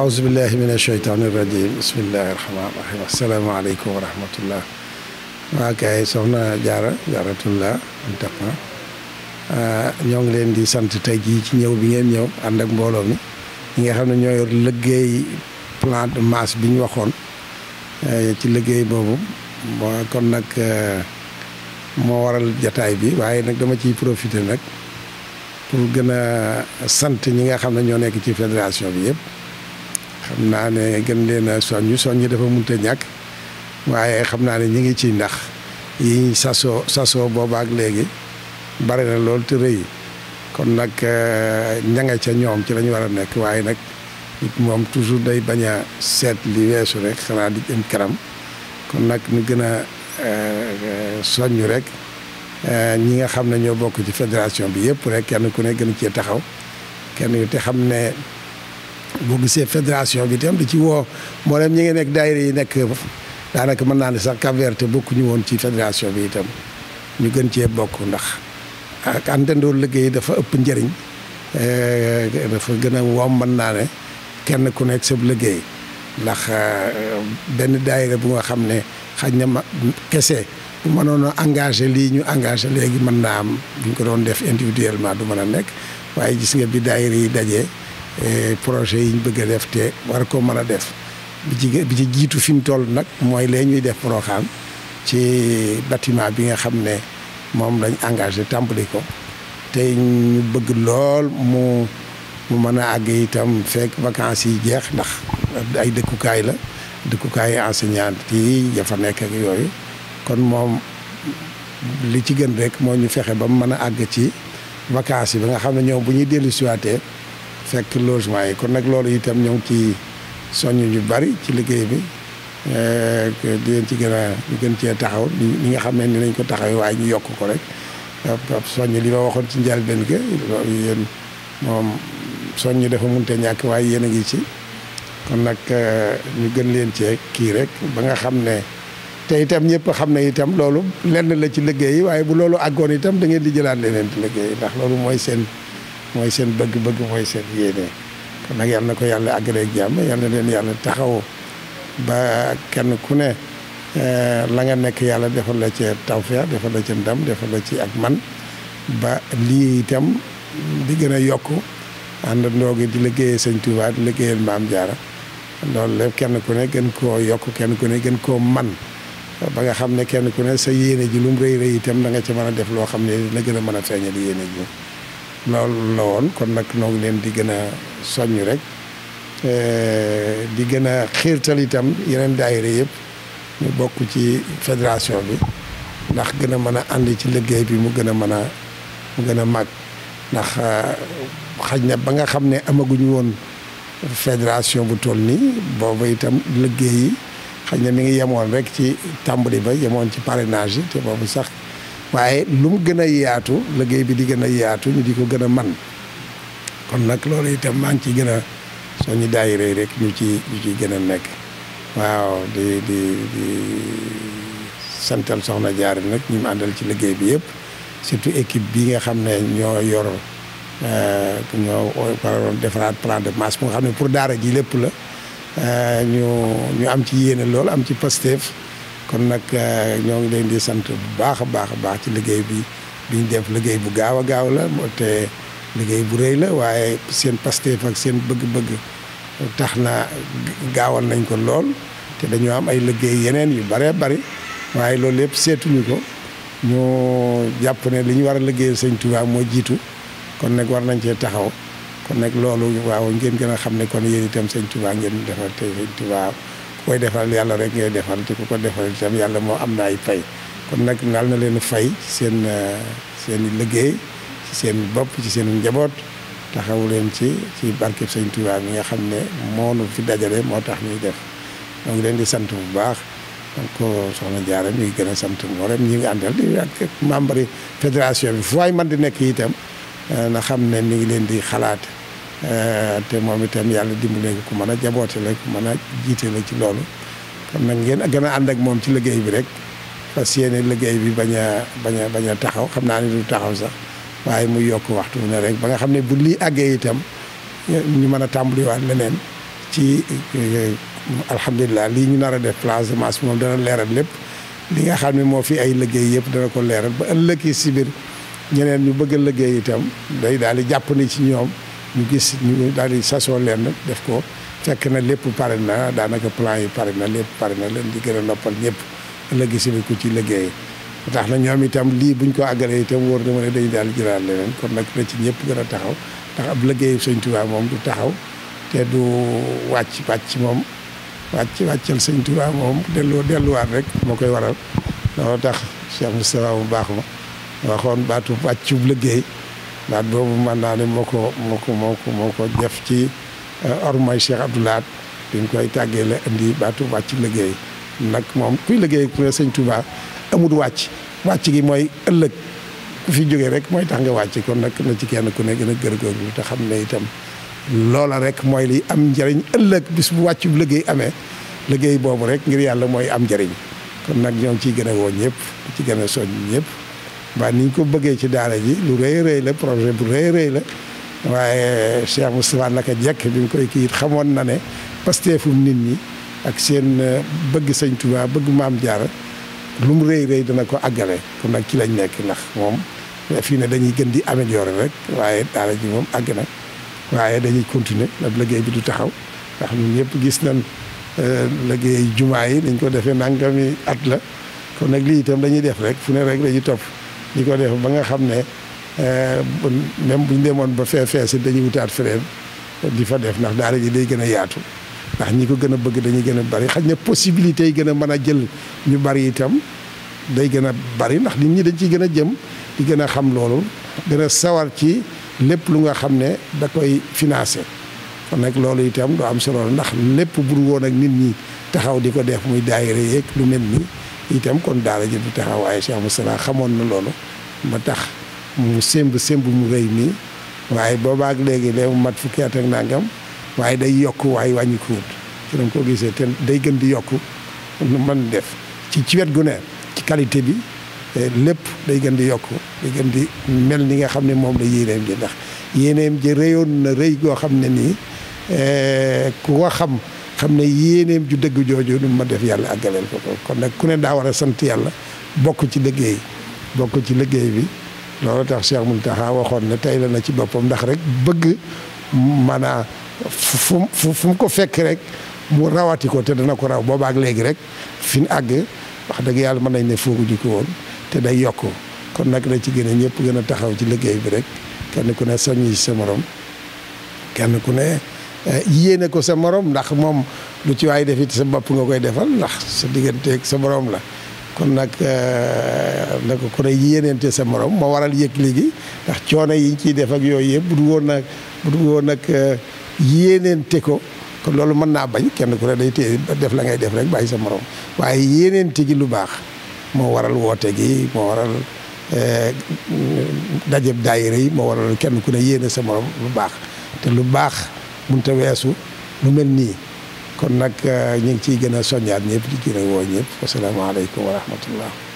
aousubillahi min asheytaani irajim bismillahi rahmaani rahim asalaamaaleykum wa rahmatullah waa kay soxna jaara jaaratullah Mountakha ñoo ngi leen di sant tey jii ci ñëw bi ngeen ñëw ànd ak mbooloo mi nga xam ne ñoo yor liggéey plan de bi ñu waxoon ci liggéey boobu kon nag moo waral jataay bi waaye nag dama ciy profité nag pour gën a sant ñi nga xam ne ñoo nekk ci fédération bi yëpp xam naa ne gën leen a soññ soññ dafa mënut a ñàkk waaye xam naa ne ñu ngi ci ndax yi sasoo sasoo boobaak léegi bare na lool te rëy kon nag euh, ña nga ca ñoom ci lañu war a nekk waaye nag moom toujours day bañ a seet li weesu rek xanaa di jëm kanam kon nag ñu gën a euh, soññ rek euh, ñi nga xam ne ñoo bokk ci fédération bi yëpp rek kenn ku ne gën cee taxaw kenn te xam ne boo gisee fédération bi tam di ci woo mboolem ñi ngeen nekk daayira yi nekk daanaka mën naa ne sax cap te bokkuñu woon ci fédération bi itam ñu gën cee bokk ndax ak àndandoo liggéey dafa ëpp njëriñ eh, dafa gën a woom mën naa ne kenn ku nekk sa liggéey ndax eh, benn daayira bu nga xam ne xaj na ma kese bu mënoon a engage lii ñu engagé léegi mën naa am bu ñu ko doon def individuellement du mën a nekk waaye gis nga bi daayira yi daje Eh, projet yi ñu bëgg a def te war ko mën a def bi ci bi ci jiitu fi mu nag mooy lee ñuy def programme ci bâtiment bi nga xam ne moom lañ engagé tàmbali ko te ñu bëgg lool mu mu mën a àgg itam fekk vacances yi jeex ndax ay dëkkukaay la dëkkukaay enseignant yi dafa nekk ak yooyu kon moom li ci gën rek moo ñu fexe ba mu mën a àgg ci vacances yi ba nga xam ne ñoom bu ñuy dellu siwaatee fekk logement yi kon nag loolu itam ñoo ci soññ ñu bari ci liggéey bi eh, di leen ci gën a di gën cee taxaw li nga xam ne ni lañ ko taxawee waaye ñu yokk ko rek soñ li ma waxoon ci njëlbéen gi loolu yéen moom soññ dafa mënut a ñàkk waaye yéen a ngi ci kon nag eh, ñu gën leen cee kii rek ba nga xam ne te itam ñëpp xam ne itam loolu lenn la ci liggéey waaye bu loolu aggoon itam da ngeen di jëlaat leneen ci liggéey ndax loolu mooy seen mooy seen bëgg-bëgg mooy seen yéene kon nag yal na ko yàlla àggale ak jàmm yal na leen yàlla taxaw ba kenn ku ne eh, la nga nekk yàlla defal la ci tawfeex defal la ci ndam defal la ci ak man ba lii itam di gën a yokk àndandoo gi di liggéeyee sëñ Touba di liggéeyal maam Jaara loolu lépp kenn ku ne gën koo yokk kenn ku ne gën koo man ba nga xam ne kenn ku ne sa yéene ji lu mu rëy rëy itam da nga ci mën a def loo xam ne dina gën a mën a feeñal yéene ji loolu la woon kon nag noo leen di gën a soññ rek eh, di gën a xiirtal itam yeneen daayira yëpp ñu bokk ci fédération bi ndax gën a mën a ànd ci liggéey bi mu gën a mën a gën a màgg ndax eh, xaj na ba nga xam ne amaguñu woon fédération bu toll nii boobu itam liggéey yi xaj na mi ngi yemoon rek ci tàmbali ba yemoon ci parrainage yi te boobu sax waaye lu mu gën a yaatu liggéey bi di gën a yaatu ñu di ko gën a man kon nag loolu itam maa ngi ciy gën a soññi daayira yi rek ñu ci ñu ciy gën a nekk waaw di di di santal soxna Jaara nag ñu mu àndal ci liggéey bi yëpp surtout équipe bi nga xam ne ñoo yor pour euh, ñoo waroon defaraat plan de masse bu nga xam ne pour daara ji lépp la euh, ñu am ci yéene lool am ci Pastef kon nag euh, ñoo ngi leen di sant bu baax a baax a baax ci liggéey bi bi ñu def liggéey bu gaaw a gaaw la te liggéey bu rëy la waaye seen Pastef ak seen bëgg-bëgg tax na gaawal nañ ko lool te dañoo am ay liggéey yeneen yu bëree bëri waaye loolu yëpp seetuñu ko ñu jàpp ne li ñu war a liggéeyal sëñ Tuubaa moo jiitu kon nag war nañ cee taxaw kon nag loolu waaw ngeen gën a xam ne kon yéen itam sëñ Tuubaa ngeen defal te sëñ Tuubaa koy defal yàlla rek ngay defal te ku ko defal itam yàlla moo am na ay fay kon nag naal na leen fay seen euh, seen liggéey ci seen bopp ci seen njaboot taxawu leen ci ci barkeb Sëñ Tuubaa mi nga xam ne moo nu fi dajale moo tax ñuy def ñoo ngi leen di sant bu baax donc soxna Diarra mi ngi gën a sant mboolem ñi ngi àndal ak membre yi fédération bi fu waay man di nekk itam euh, na xam ne mu ngi leen di xalaat. Eh, te moom itam yàlla dimbale ko ku mën a jaboote la ku mën a jiite la ci loolu xam nag ngeen gën a ànd ak moom ci liggéey bi rek parce que yéene liggéey bi bañ a bañ a taxaw xam naa ne du taxaw sax waaye muy yokk waxtu ne rek ba nga xam ne bu lii àggee itam ñu mën a tàmbaliwaat leneen ci alhamdulilah lii ñu nar a def place de masse moom dana leeral lépp li nga xam ne moo fi ay liggéey yëpp dana ko leeral ba ëllëg si biir ñeneen ñu bëgg a liggéey itam day daal di jàpp ni ci ñoom. ñu gis ñu daal di sasoo leen nag def ko fekk na lépp pare na daanaka plan yi pare na lépp pare na leen di gën a noppal ñëpp ëllëg si ku ci liggéey tax na ñoom itam lii buñ ko àggalee itam wóor na ma ne dañu daal jëlaat leneen kon nag la ci ñëpp gën a taxaw ndax ab liggéey sëñ Tuubaa moom du taxaw te du wàcc wàcc moom wàcc wàccal sëñ Tuubaa moom dellu delluwaat rek moo koy waral loolu tax Cheikh Moustapha mu baax ma waxoon baatu wàccub liggéey baat boobu mën naa ne moo ko moo ko moo ko moo ko def ci eh, ormay Cheikh Abdou Lahad koy tàggee la indi baatu wàcc liggéey nag moom kuy liggéey pour sëñ Touba amul wàcc wàcc gi mooy ëllëg ku fi jógee rek mooy tax nga wàcc kon nag na ci kenn ku ne gën a gër gërgóorlu te xam ne itam loola rek mooy li am njëriñ ëllëg bis bu wàccu liggéey amee liggéey boobu rek ngir yàlla mooy am njëriñ kon nag ñoo ngi ciy gën a woo ñëpp ci gën a soññ ñëpp ba niñ ko bëggee ci daale ji lu rëy rëy la projet bu rëy rëy la waaye Cheikh Moustapha naka jekk bi mu koy kii it xamoon na ne pasteefum nit ñi ak seen euh, bëgg sëñ Tuubaa bëgg maam Jaara lu mu rëy rëy dana ko àggale kon nag ci lañ nekk ndax moom fii ne dañuy gën di améliorer rek waaye daara ji moom àgg na waaye dañuy continuer ndax liggéey bi du taxaw ndax ñun ñëpp gis nañ euh, liggéey jumaa yi dañ ko defee nangami at la kon nag lii itam dañuy def rek fu ne rek dañuy topp ni ko def ba nga xam ne euh, même buñ demoon ba fee fees it dañuy wutaat feneen di fa def ndax daara ji day gën a yaatu ndax ñi ko gën a bëgg dañuy gën a bari xaj na possibilité yi gën a mën a jël ñu bari itam day gën a bari ndax nit ñi dañ ciy gën a jëm di gën a xam loolu gën a sawar ci lépp lu nga xam ne da koy financé kon nag loolu itam du am solo ndax lépp bur woon ak nit ñi taxaw di ko def muy daayira yeeg lu nen ni itam kon daara ji bu taxaw ay Cheikh Moustapha xamoon na loolu ba tax mu semb semb mu rëy nii waaye boobaak léegi léegi mu mat fukki at ak nangam waaye day yokk waaye wàññi ko wut ci lañ ko gisee te day gën di yokk man def ci ci wet gune ci qualité bi eh, lépp day gën di yokk day gën di mel ni nga xam ne moom la yéeneem ji ndax yéeneem ji réyoon na rëy goo xam ne nii eh, ku ko xam xam ne yéeneem ju dëgg jooju nu ma def yàlla àggaleel ko kon nag ku ne daa war a sant yàlla bokk ci liggéey bokk ci liggéey bi loolu tax Cheikh Mountakha waxoon ne tey la na ci boppam ndax rek bëgg maanaa fu fu mu ko fekk rek mu rawati ko te dana ko raw boobaak léegi rek fi ñu àgg wax dëgg yàlla mën nañ ne fooguñu ko woon te day yokk kon nag da ci gën a ñëpp gën a taxaw ci liggéey bi rek kenn ku ne soññi sa moroom kenn ku ne Eh, yéene ko sa morom ndax moom lu ci waay def it sa bopp nga koy defal ndax sa digganteeg sa morom la kon nag eh, na ko ku ne sa morom moo waral yëg léegi ndax coono yi ñu ciy def ak yooyu yëpp bu du woon nag bu du woon nag eh, yéeneente ko loolu mën naa bañ kenn ku ne day téye def la ngay def rek bàyyi sa morom waaye yéeneente gi lu baax moo waral woote gi moo waral dajeb daayira yi moo waral kenn ku ne yéene sa morom lu baax te lu baax. mënta weesu lu mel nii kon nag euh, ñu ngi ciy gën a soññaat ñëpp di gën a woo ñëpp wasalaamaaleykum wa rahmatullah